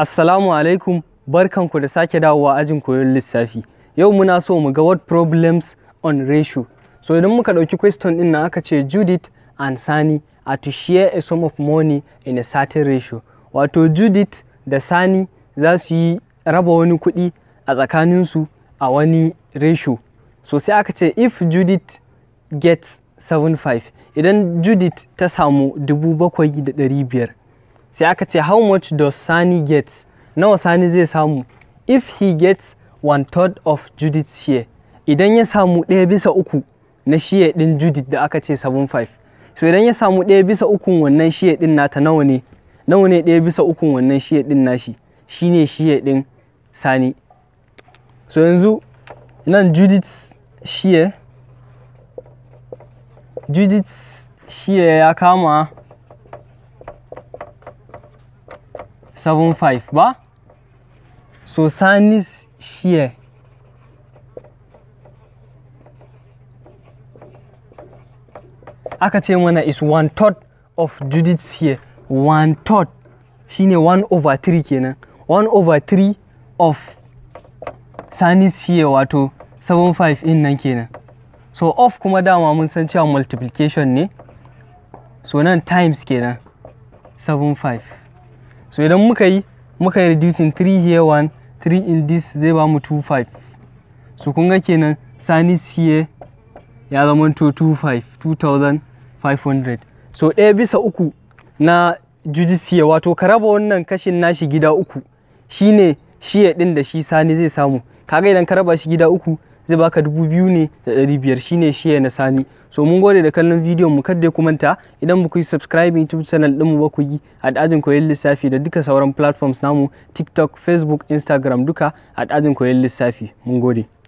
Assalamu alaikum barkanku da sake dawowa ajin koyon lissafi. Yau muna so mu ga what problems on ratio. So idan muka ɗauki question din nan aka ce Judith and Sani are to share a sum of money in a certain ratio. Wato Judith da Sani za su yi raba wani kuɗi a tsakaninsu a wani ratio. So sai aka ce if Judith gets 75 idan Judith ta samu dubu bakwai da biyar. sai aka ce how much does sani get nawa sani zai samu if he gets one third of judith's share idan ya samu ɗaya bisa uku na shiye ɗin judith da aka ce 75 so idan ya samu ɗaya bisa uku wannan shiye ɗin nata nawa ne nawa ne ɗaya bisa uku wannan shiye ɗin nashi shine shiye ɗin sani so yanzu nan judith shiye judith shiye ya kama 75 ba so sanis here aka ce mana is one third of Judith's here one third shine one over three kenan one over three of sanis here wato 75 in nan kenan so of kuma dama mun san cewa multiplication ne so nan times kenan 75 so idan muka yi muka yi reducing 3 here 1 3 in this zai ba mu 2 5 so kun ga kenan sanis here ya zama to 25 2500 so ɗaya bisa uku na judiciya wato ka raba wannan kashin nashi gida uku shine shiye ɗin da shi sani zai samu kaga idan ka raba shi gida uku zai baka dubu biyu ne da ɗari biyar shine shiya na sani so mun gode da kallon bidiyon mu kada ya manta idan muku yi youtube channel mu ba ku yi a dajin koyon lissafi da duka sauran platforms namu tiktok facebook instagram duka a dajin koyon lissafi mun gode